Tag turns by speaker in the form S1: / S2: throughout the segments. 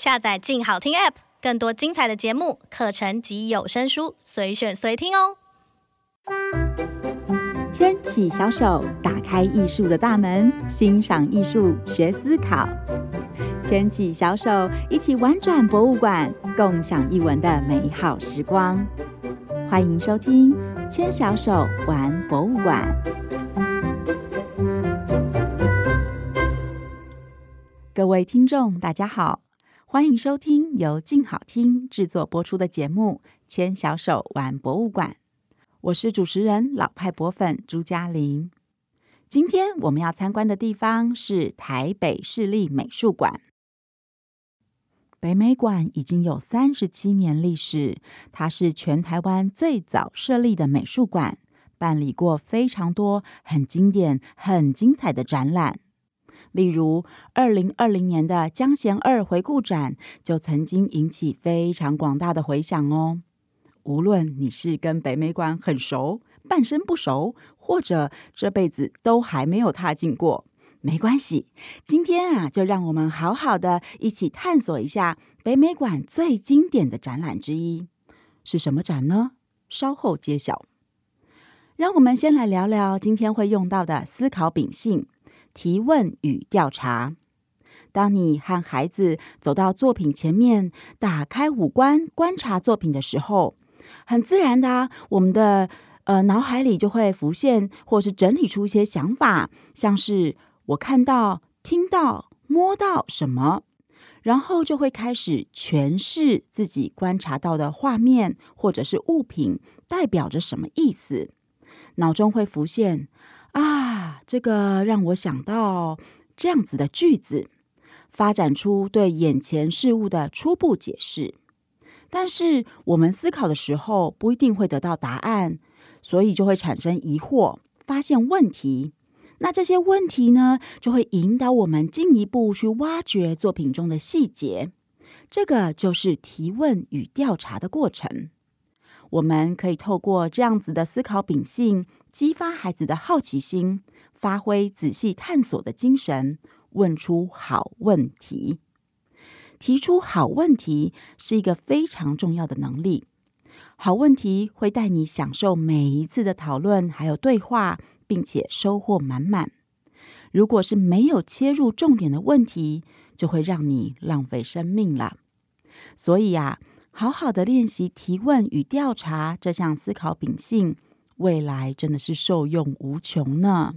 S1: 下載“鏡好聽 ”App，更多精彩的節目、課程及有聲書，隨選隨聽哦。牽起小手，打開藝術的大門，欣賞藝術，學思考。牽起小手，一起玩轉博物館，共享藝文的美好時光。歡迎收聽《牽小手玩博物館》。各位聽眾，大家好。歡迎收聽由靜好聽制作播出的節目《牽小手玩博物館》，我是主持人老派博粉朱家琳。今天我們要參觀的地方是台北市立美術館。北美館已經有三十七年歷史，它是全台灣最早設立的美術館，辦理過非常多很經典、很精彩的展覽。例如，二零二零年的江賢二回顧展就曾經引起非常廣大的回響哦。無論你是跟北美館很熟、半生不熟，或者這輩子都還沒有踏進過，沒關係。今天啊，就讓我們好好的一起探索一下北美館最經典的展覽之一是什麼展呢？稍後揭曉。讓我們先來聊聊今天會用到的思考秉性。提問與調查。當你和孩子走到作品前面，打開五官觀察作品的時候，很自然的、啊，我們的呃腦海裡就會浮現，或是整理出一些想法，像是我看到、聽到、摸到什麼，然後就會開始詮釋自己觀察到的畫面或者是物品代表着什麼意思。腦中會浮現啊。這個讓我想到這樣子的句子，發展出對眼前事物的初步解釋。但是我們思考的時候，不一定會得到答案，所以就會產生疑惑，發現問題。那這些問題呢，就會引導我們進一步去挖掘作品中的細節。這個就是提問與調查的過程。我們可以透過這樣子的思考秉性，激發孩子的好奇心。發揮仔細探索的精神，問出好問題。提出好問題是一個非常重要的能力。好問題會帶你享受每一次的討論還有對話，並且收穫滿滿。如果是沒有切入重點的問題，就會讓你浪費生命了。所以啊，好好的練習提問與調查這項思考秉性，未來真的是受用無窮呢！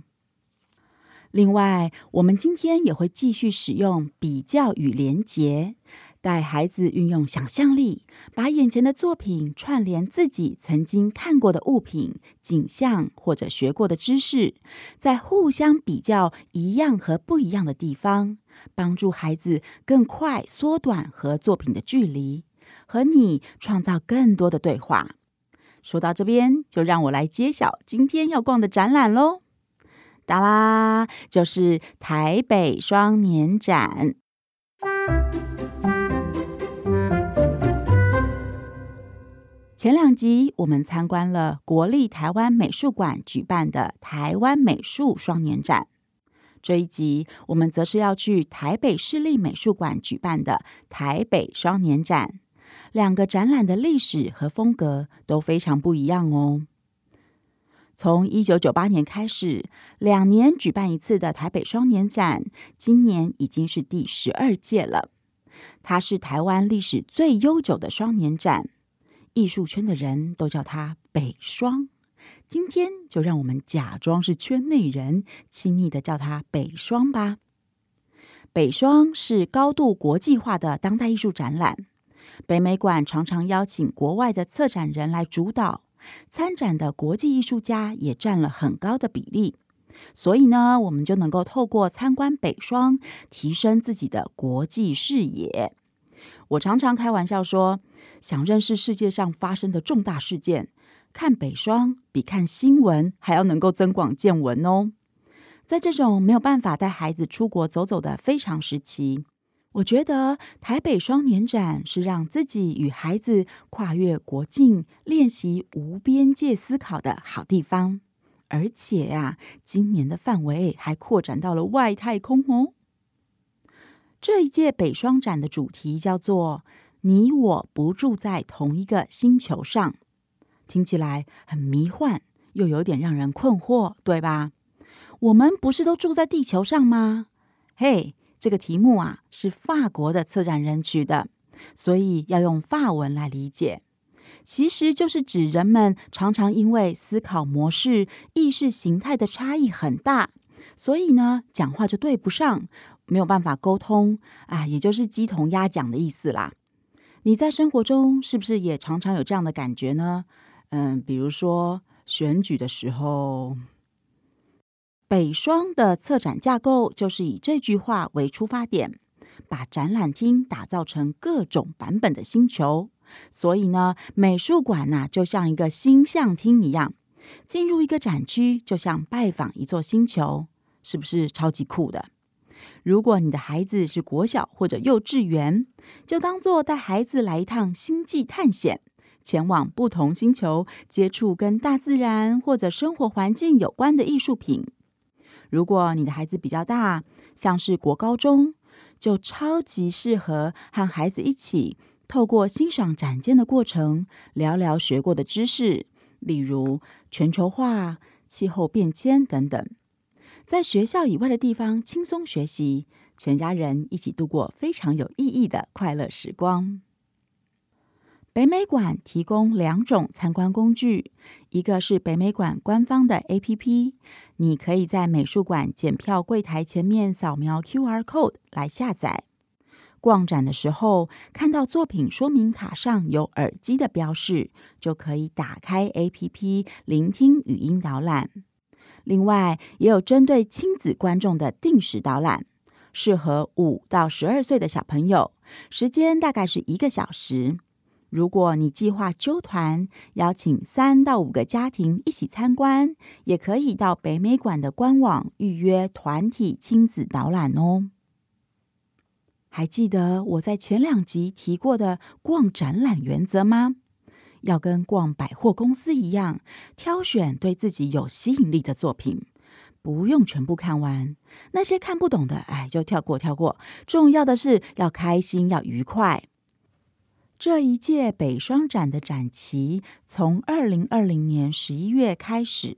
S1: 另外，我們今天也會繼續使用比較與連結，帶孩子運用想象力，把眼前的作品串聯自己曾經看過的物品、景象或者學過的知識，再互相比較一樣和不一樣的地方，幫助孩子更快縮短和作品的距離，和你創造更多的對話。說到這邊，就讓我來揭曉今天要逛的展覽嘍。噠啦，就是台北雙年展。前兩集我們參觀了國立臺灣美術館舉辦的臺灣美術雙年展，這一集我們則是要去台北市立美術館舉辦的台北雙年展。兩個展覽的歷史和風格都非常不一樣哦。從一九九八年開始，兩年舉辦一次的台北雙年展，今年已經是第十二屆了。它是台灣歷史最悠久的雙年展，藝術圈的人都叫它“北雙”。今天就讓我們假裝是圈內人，親密的叫它“北雙”吧。北雙是高度國際化的當代藝術展覽，北美館常常邀請國外的策展人來主導。參展的國際藝術家也佔了很高的比例，所以呢，我們就能夠透過參觀北雙提升自己的國際視野。我常常開玩笑說，想認識世界上發生的重大事件，看北雙比看新聞還要能夠增廣見聞哦。在這種沒有辦法帶孩子出國走走的非常時期。我覺得台北雙年展是讓自己與孩子跨越國境，練習無邊界思考的好地方。而且呀，今年的範圍還擴展到了外太空哦。這一屆北雙展的主題叫做“你我不住在同一個星球上”，聽起來很迷幻，又有點讓人困惑，對吧？我們不是都住在地球上嗎？嘿！這個題目啊，是法國的策展人取的，所以要用法文來理解。其實就是指人們常常因為思考模式、意識形態的差異很大，所以呢講話就對不上，沒有辦法溝通啊，也就是雞同鴨講的意思啦。你在生活中是不是也常常有這樣的感覺呢？嗯，比如說選舉的時候。北雙的策展架構就是以這句話為出發點，把展覽廳打造成各種版本的星球。所以呢，美術館呢、啊、就像一個星象廳一樣，進入一個展區就像拜訪一座星球，是不是超級酷的？如果你的孩子是國小或者幼稚園，就當做帶孩子來一趟星際探險，前往不同星球，接觸跟大自然或者生活環境有關的藝術品。如果你的孩子比較大，像是國高中，就超級適合和孩子一起，透過欣賞展件的過程，聊聊學過的知識，例如全球化、氣候變遷等等，在學校以外的地方輕鬆學習，全家人一起度過非常有意義的快樂時光。北美館提供兩種參觀工具，一個是北美館官方的 APP，你可以在美術館檢票櫃檯前面掃描 QR Code 來下載。逛展的時候，看到作品說明卡上有耳機的標示，就可以打開 APP 聆聽語音導覽。另外，也有針對親子觀眾的定時導覽，適合五到十二歲的小朋友，時間大概是一個小時。如果你計劃揪團，邀請三到五個家庭一起參觀，也可以到北美館的官網預約團體親子導覽哦。還記得我在前兩集提過的逛展覽原則嗎？要跟逛百貨公司一樣，挑選對自己有吸引力的作品，不用全部看完。那些看不懂的，哎，就跳過跳過。重要的是要開心，要愉快。這一屆北雙展的展期從二零二零年十一月開始，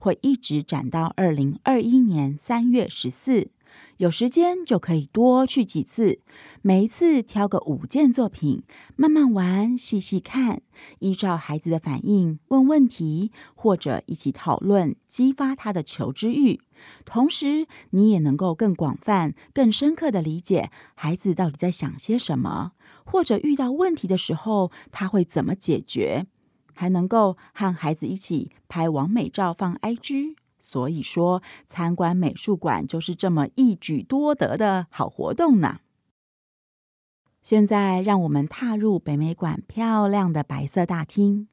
S1: 會一直展到二零二一年三月十四。有時間就可以多去幾次，每一次挑個五件作品，慢慢玩，細細看。依照孩子的反應問問題，或者一起討論，激發他的求知慾。同時，你也能夠更廣泛、更深刻地理解孩子到底在想些什麼。或者遇到問題的時候，他會怎麼解決？還能夠和孩子一起拍完美照放 IG。所以說，參觀美術館就是這麼一舉多得的好活動呢。現在，讓我們踏入北美館漂亮的白色大廳。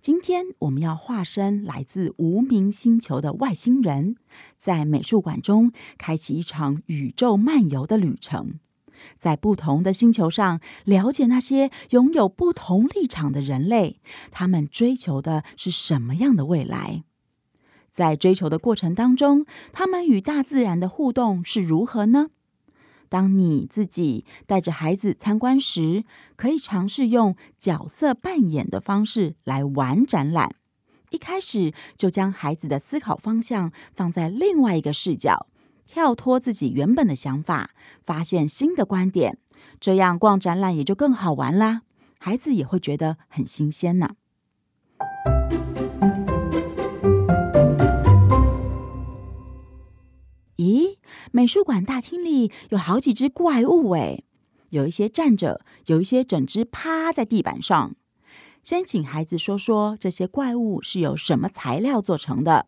S1: 今天，我們要化身來自無名星球的外星人，在美術館中開啟一場宇宙漫遊的旅程。在不同的星球上了解那些擁有不同立場的人類，他們追求的是什麼樣的未來？在追求的過程當中，他們與大自然的互動是如何呢？當你自己帶着孩子參觀時，可以嘗試用角色扮演的方式來玩展覽。一開始就將孩子的思考方向放在另外一個視角。跳脫自己原本的想法，發現新的觀點，這樣逛展覽也就更好玩啦。孩子也會覺得很新鮮呢、啊。咦，美術館大廳裡有好幾隻怪物哎，有一些站着，有一些整隻趴在地板上。先請孩子說說這些怪物是由什麼材料做成的。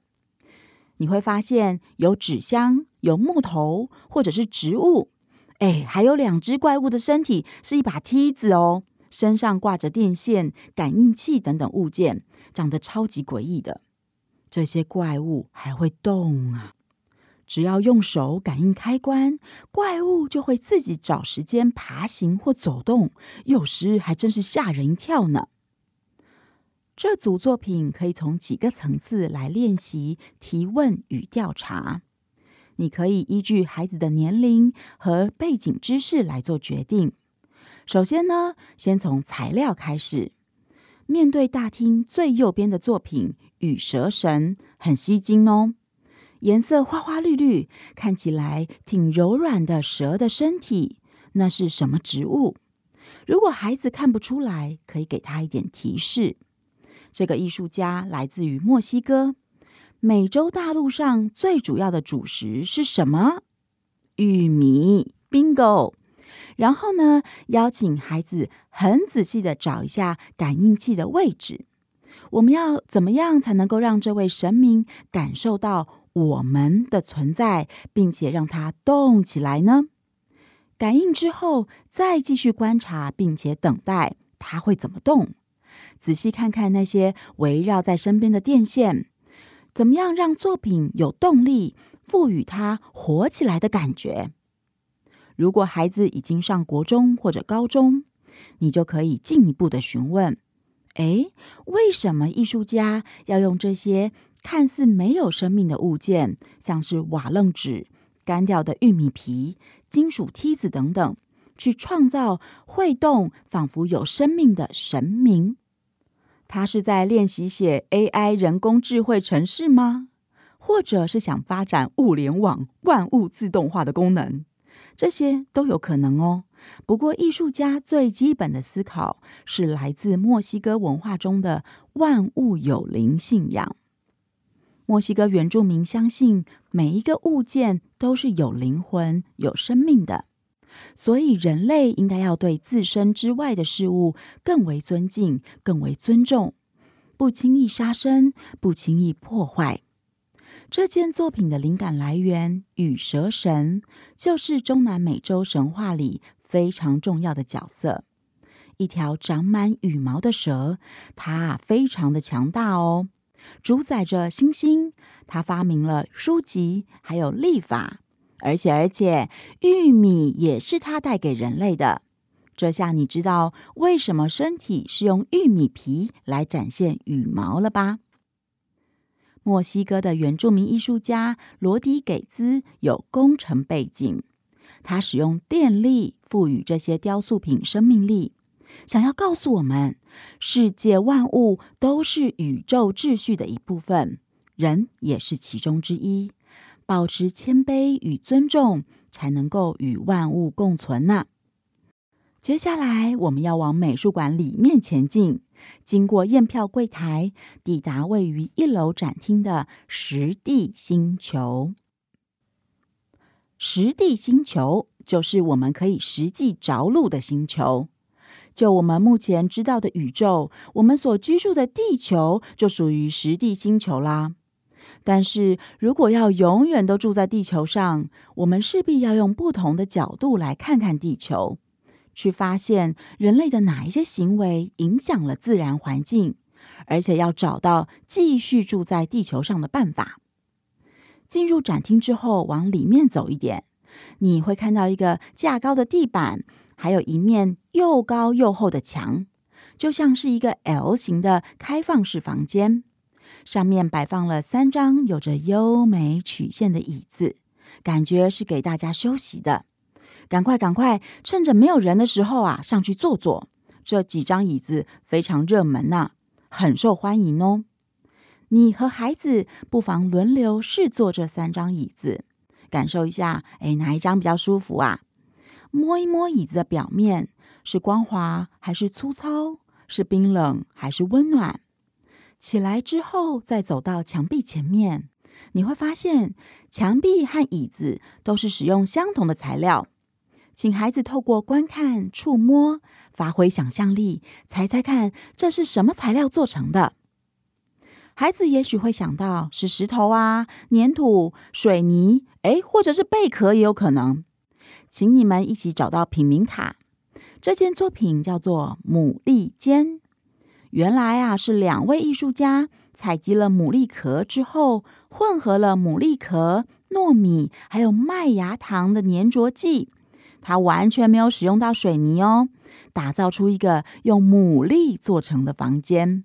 S1: 你會發現有紙箱、有木頭，或者是植物，哎，還有兩隻怪物的身體是一把梯子哦，身上掛着電線、感應器等等物件，長得超級詭異的。這些怪物還會動啊！只要用手感應開關，怪物就會自己找時間爬行或走動，有時還真是嚇人一跳呢。這組作品可以從幾個層次來練習提問與調查。你可以依據孩子的年齡和背景知識來做決定。首先呢，先從材料開始。面對大廳最右邊的作品《羽蛇神》，很吸睛哦，顏色花花綠綠，看起來挺柔軟的蛇的身體。那是什麼植物？如果孩子看不出來，可以給他一點提示。這個藝術家來自於墨西哥。美洲大陸上最主要的主食是什麼？玉米，Bingo。然後呢，邀請孩子很仔細地找一下感應器的位置。我們要怎麼樣才能夠讓這位神明感受到我們的存在，並且讓它動起來呢？感應之後，再繼續觀察，並且等待它會怎麼動。仔細看看那些圍繞在身邊的電線，怎麼樣讓作品有動力，賦予它活起來的感覺？如果孩子已經上國中或者高中，你就可以進一步的詢問：誒，為什麼藝術家要用這些看似沒有生命的物件，像是瓦楞紙、乾掉的玉米皮、金屬梯子等等，去創造會動、仿彿有生命的神明？他是在練習寫 AI 人工智慧城市嗎？或者是想發展物聯網、萬物自動化的功能？這些都有可能哦。不過，藝術家最基本的思考是來自墨西哥文化中的萬物有靈信仰。墨西哥原住民相信每一個物件都是有靈魂、有生命的。所以，人類應該要對自身之外的事物更為尊敬、更為尊重，不輕易殺生，不輕易破壞。這件作品的靈感來源——羽蛇神，就是中南美洲神話裡非常重要的角色。一條長滿羽毛的蛇，它非常的強大哦，主宰着星星。它發明了書籍，還有曆法。而且而且，玉米也是它帶給人類的。這下你知道為什麼身體是用玉米皮來展現羽毛了吧？墨西哥的原住民藝術家羅迪給茲有工程背景，他使用電力賦予這些雕塑品生命力，想要告訴我們：世界萬物都是宇宙秩序的一部分，人也是其中之一。保持謙卑與尊重，才能夠與萬物共存呢。接下來，我們要往美術館裡面前進，經過驗票櫃檯，抵達位於一樓展廳的實地星球。實地星球就是我們可以實際着陸的星球。就我們目前知道的宇宙，我們所居住的地球就屬於實地星球啦。但是如果要永遠都住在地球上，我們勢必要用不同的角度來看看地球，去發現人類的哪一些行為影響了自然環境，而且要找到繼續住在地球上的辦法。進入展廳之後，往裡面走一點，你會看到一個架高的地板，還有一面又高又厚的牆，就像是一個 L 型的開放式房間。上面擺放了三張有着優美曲線的椅子，感覺是給大家休息的。趕快趕快，趁着沒有人的時候啊，上去坐坐。這幾張椅子非常熱門吶，很受歡迎哦。你和孩子不妨輪流試坐這三張椅子，感受一下，哎，哪一張比較舒服啊？摸一摸椅子的表面，是光滑還是粗糙？是冰冷還是溫暖？起來之後，再走到牆壁前面，你會發現牆壁和椅子都是使用相同的材料。請孩子透過觀看、觸摸，發揮想象力，猜猜看這是什麼材料做成的？孩子也許會想到是石頭啊、粘土、水泥，哎，或者是貝殼也有可能。請你們一起找到品名卡，這件作品叫做牡蠣尖。原來啊，是兩位藝術家採集了牡蠣殼之後，混合了牡蠣殼、糯米還有麥芽糖的粘着劑，他完全沒有使用到水泥哦，打造出一個用牡蠣做成的房間。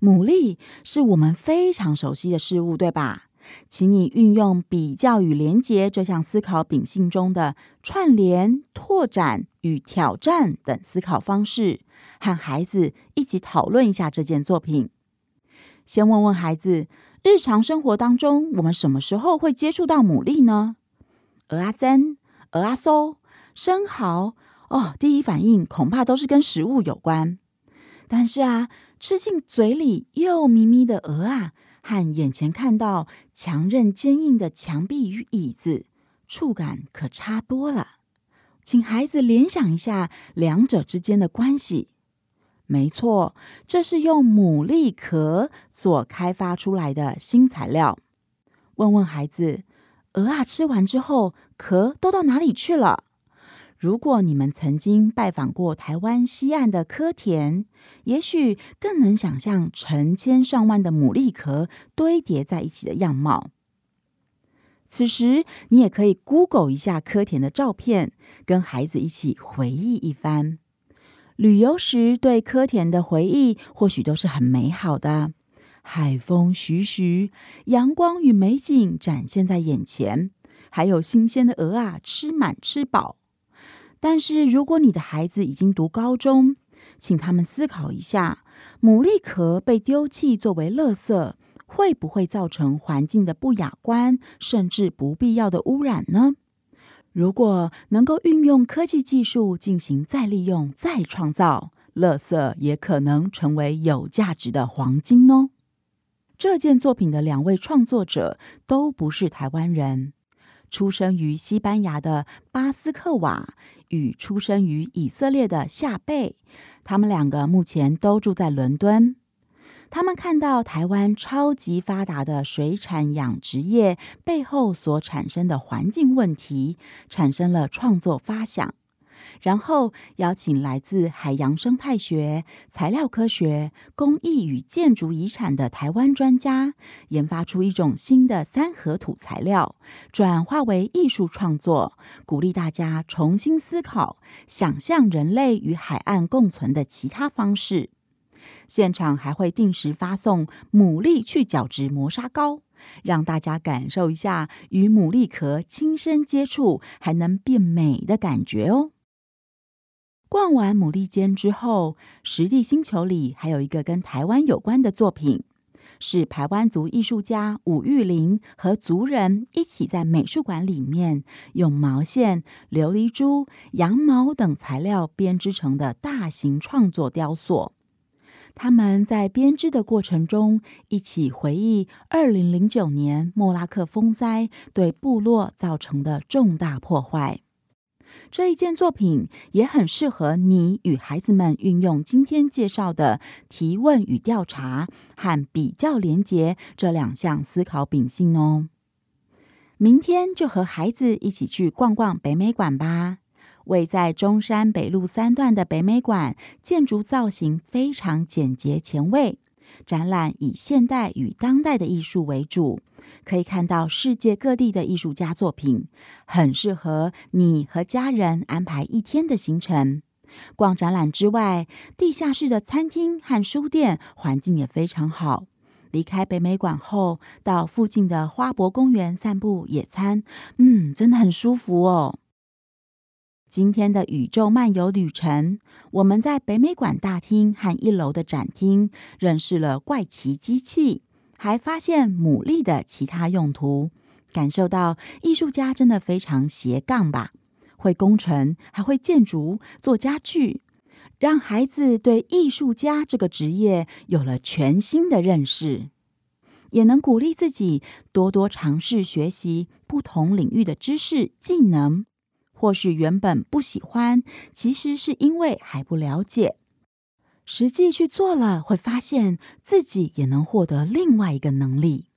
S1: 牡蠣是我們非常熟悉的事物，對吧？請你運用比較與連結這項思考秉性中的串聯、拓展、與挑戰等思考方式。和孩子一起討論一下這件作品。先問問孩子，日常生活當中我們什麼時候會接觸到牡蠣呢？蚵仔煎、蚵仔酥、生蠔，哦，第一反應恐怕都是跟食物有關。但是啊，吃進嘴裡又咪咪的蚵啊，和眼前看到強韌堅硬的牆壁與椅子，觸感可差多了。請孩子聯想一下兩者之間的關係。沒錯，這是用牡蠣殼所開發出來的新材料。問問孩子，蚵仔，吃完之後殼都到哪裡去了？如果你們曾經拜訪過台灣西岸的蚵田，也許更能想象成千上萬的牡蠣殼堆疊在一起的樣貌。此時，你也可以 Google 一下蚵田的照片，跟孩子一起回憶一番。旅遊時對蚵田的回憶，或許都是很美好的。海風徐徐，陽光與美景展現在眼前，還有新鮮的蚵仔，吃滿吃飽。但是，如果你的孩子已經讀高中，請他們思考一下：牡蠣殼被丟棄作為垃圾，會不會造成環境的不雅觀，甚至不必要的污染呢？如果能夠運用科技技術進行再利用、再創造，垃圾也可能成為有價值的黃金哦。這件作品的兩位創作者都不是台灣人，出生於西班牙的巴斯克瓦與出生於以色列的夏貝，他們兩個目前都住在倫敦。他們看到台灣超級發達的水產養殖業背後所產生的環境問題，產生了創作發想，然後邀請來自海洋生態學、材料科學、工藝與建築遺產的台灣專家，研發出一種新的三合土材料，轉化為藝術創作，鼓勵大家重新思考，想象人類與海岸共存的其他方式。現場還會定時發送牡蠣去角質磨砂膏，讓大家感受一下與牡蠣殼親身接觸還能變美的感覺哦。逛完牡蠣間之後，實地星球裡還有一個跟台灣有關的作品，是排灣族藝術家武玉玲和族人一起在美術館裡面用毛線、琉璃珠、羊毛等材料編織成的大型創作雕塑。他們在編織的過程中，一起回憶二零零九年莫拉克風災對部落造成的重大破壞。這一件作品也很適合你與孩子們運用今天介紹的提問與調查和比較連結這兩項思考秉性哦。明天就和孩子一起去逛逛北美館吧。位在中山北路三段的北美館，建築造型非常簡潔前衛。展覽以現代與當代的藝術為主，可以看到世界各地的藝術家作品，很適合你和家人安排一天的行程。逛展覽之外，地下室的餐廳和書店環境也非常好。離開北美館後，到附近的花博公園散步野餐，嗯，真的很舒服哦。今天的宇宙漫遊旅程，我們在北美館大廳和一樓的展廳認識了怪奇機器，還發現牡蠣的其他用途，感受到藝術家真的非常斜槓吧，會工程，還會建築，做家具，讓孩子對藝術家這個職業有了全新的認識，也能鼓勵自己多多嘗試學習不同領域的知識技能。或許原本不喜歡，其實是因為還不了解。實際去做了，會發現自己也能獲得另外一個能力。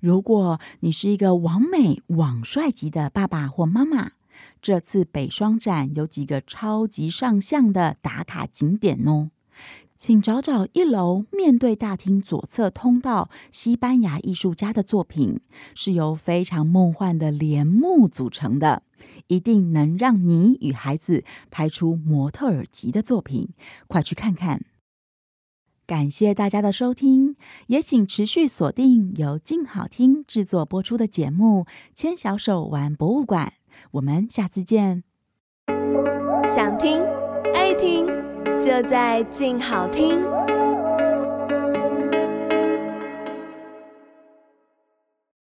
S1: 如果你是一個網美網帥級的爸爸或媽媽，這次北雙展有幾個超級上相的打卡景點哦。請找找一樓面對大廳左側通道，西班牙藝術家的作品是由非常夢幻的簾幕組成的，一定能讓你與孩子拍出模特兒級的作品。快去看看！感謝大家的收聽，也請持續鎖定由靜好聽制作播出的節目《牽小手玩博物館》，我們下次見。想聽愛聽。就在靜好聽。